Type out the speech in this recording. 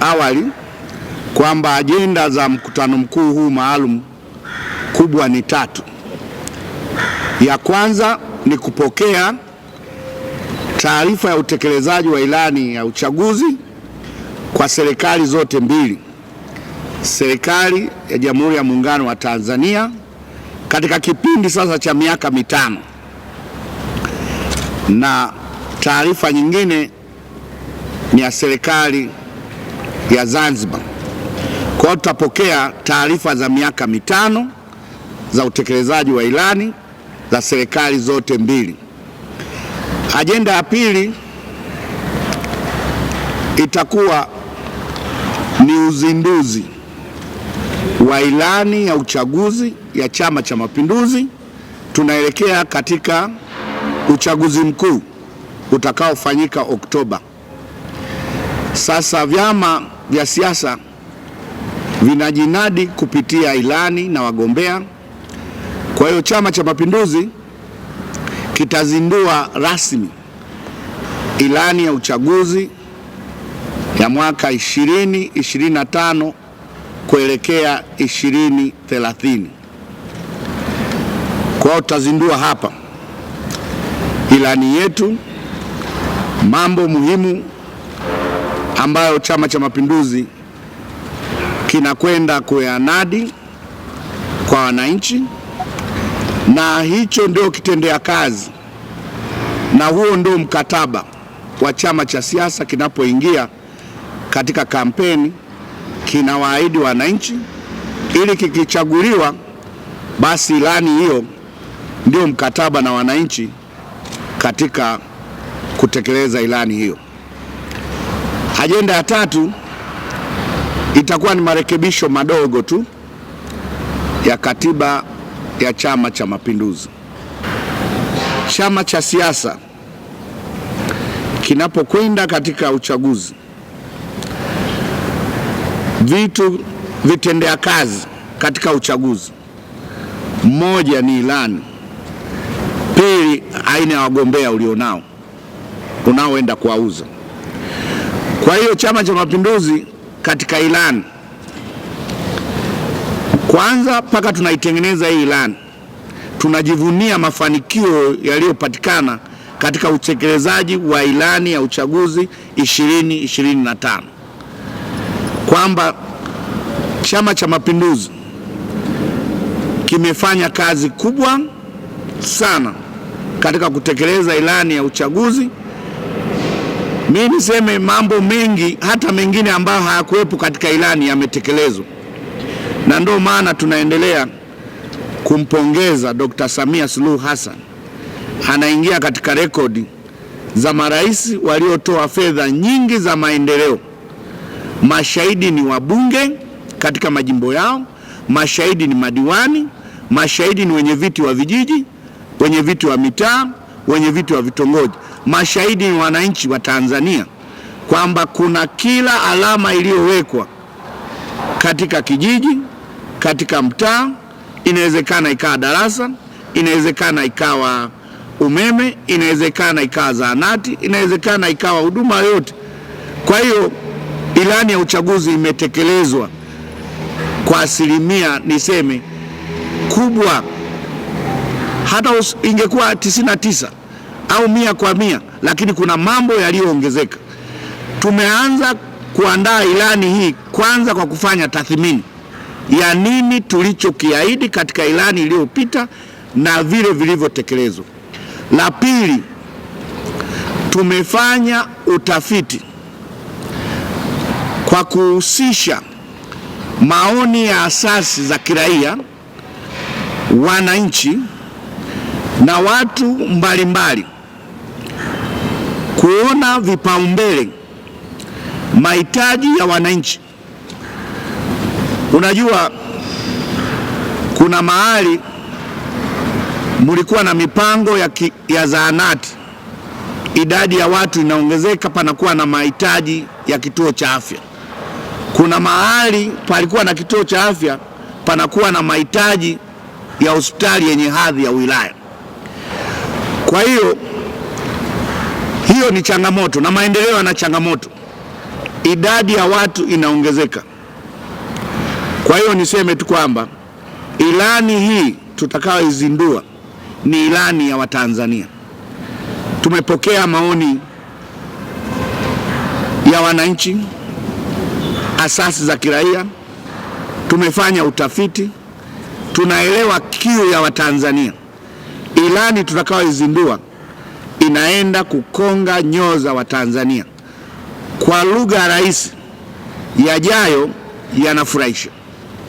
awali kwamba ajenda za mkutano mkuu huu maalum kubwa ni tatu. Ya kwanza ni kupokea taarifa ya utekelezaji wa ilani ya uchaguzi kwa serikali zote mbili, serikali ya Jamhuri ya Muungano wa Tanzania katika kipindi sasa cha miaka mitano, na taarifa nyingine ni ya serikali ya Zanzibar. Kwa hiyo tutapokea taarifa za miaka mitano za utekelezaji wa ilani za serikali zote mbili. Ajenda ya pili itakuwa ni uzinduzi wa ilani ya uchaguzi ya Chama cha Mapinduzi. Tunaelekea katika uchaguzi mkuu utakaofanyika Oktoba. Sasa vyama vya siasa vinajinadi kupitia ilani na wagombea. Kwa hiyo Chama cha Mapinduzi kitazindua rasmi ilani ya uchaguzi ya mwaka 2025 kuelekea 2030. Kwa hiyo tutazindua hapa ilani yetu, mambo muhimu ambayo Chama cha Mapinduzi kinakwenda kuyanadi kwa wananchi, na hicho ndio kitendea kazi na huo ndio mkataba wa chama cha siasa kinapoingia katika kampeni, kinawaahidi wananchi ili kikichaguliwa, basi ilani hiyo ndio mkataba na wananchi katika kutekeleza ilani hiyo. Ajenda ya tatu itakuwa ni marekebisho madogo tu ya katiba ya Chama cha Mapinduzi. Chama cha siasa kinapokwenda katika uchaguzi, vitu vitendea kazi katika uchaguzi, moja ni ilani, pili aina ya wagombea ulionao unaoenda kuwauza kwa hiyo Chama cha Mapinduzi katika ilani, kwanza mpaka tunaitengeneza hii ilani, tunajivunia mafanikio yaliyopatikana katika utekelezaji wa ilani ya uchaguzi 2025 kwamba Chama cha Mapinduzi kimefanya kazi kubwa sana katika kutekeleza ilani ya uchaguzi Mi niseme mambo mengi hata mengine ambayo hayakuwepo katika ilani yametekelezwa, na ndio maana tunaendelea kumpongeza Dr. Samia Suluhu Hassan, anaingia katika rekodi za marais waliotoa fedha nyingi za maendeleo. Mashahidi ni wabunge katika majimbo yao, mashahidi ni madiwani, mashahidi ni wenye viti wa vijiji, wenye viti wa mitaa, wenye viti wa vitongoji mashahidi ni wananchi wa Tanzania kwamba kuna kila alama iliyowekwa katika kijiji, katika mtaa, inawezekana ikawa darasa, inawezekana ikawa umeme, inawezekana ikawa zahanati, inawezekana ikawa huduma yoyote. Kwa hiyo ilani ya uchaguzi imetekelezwa kwa asilimia niseme kubwa, hata ingekuwa 99 au mia kwa mia, lakini kuna mambo yaliyoongezeka. Tumeanza kuandaa ilani hii kwanza kwa kufanya tathmini ya nini tulichokiahidi katika ilani iliyopita na vile vilivyotekelezwa. La pili, tumefanya utafiti kwa kuhusisha maoni ya asasi za kiraia, wananchi na watu mbalimbali mbali kuona vipaumbele, mahitaji ya wananchi. Unajua, kuna mahali mulikuwa na mipango ya, ki, ya zahanati, idadi ya watu inaongezeka, panakuwa na mahitaji ya kituo cha afya. Kuna mahali palikuwa na kituo cha afya, panakuwa na mahitaji ya hospitali yenye hadhi ya wilaya. Kwa hiyo hiyo ni changamoto, na maendeleo yana changamoto. Idadi ya watu inaongezeka. Kwa hiyo niseme tu kwamba ilani hii tutakayoizindua ni ilani ya Watanzania. Tumepokea maoni ya wananchi, asasi za kiraia, tumefanya utafiti, tunaelewa kiu ya Watanzania. Ilani tutakayoizindua inaenda kukonga nyoo za Watanzania. Kwa lugha rahisi, yajayo yanafurahisha.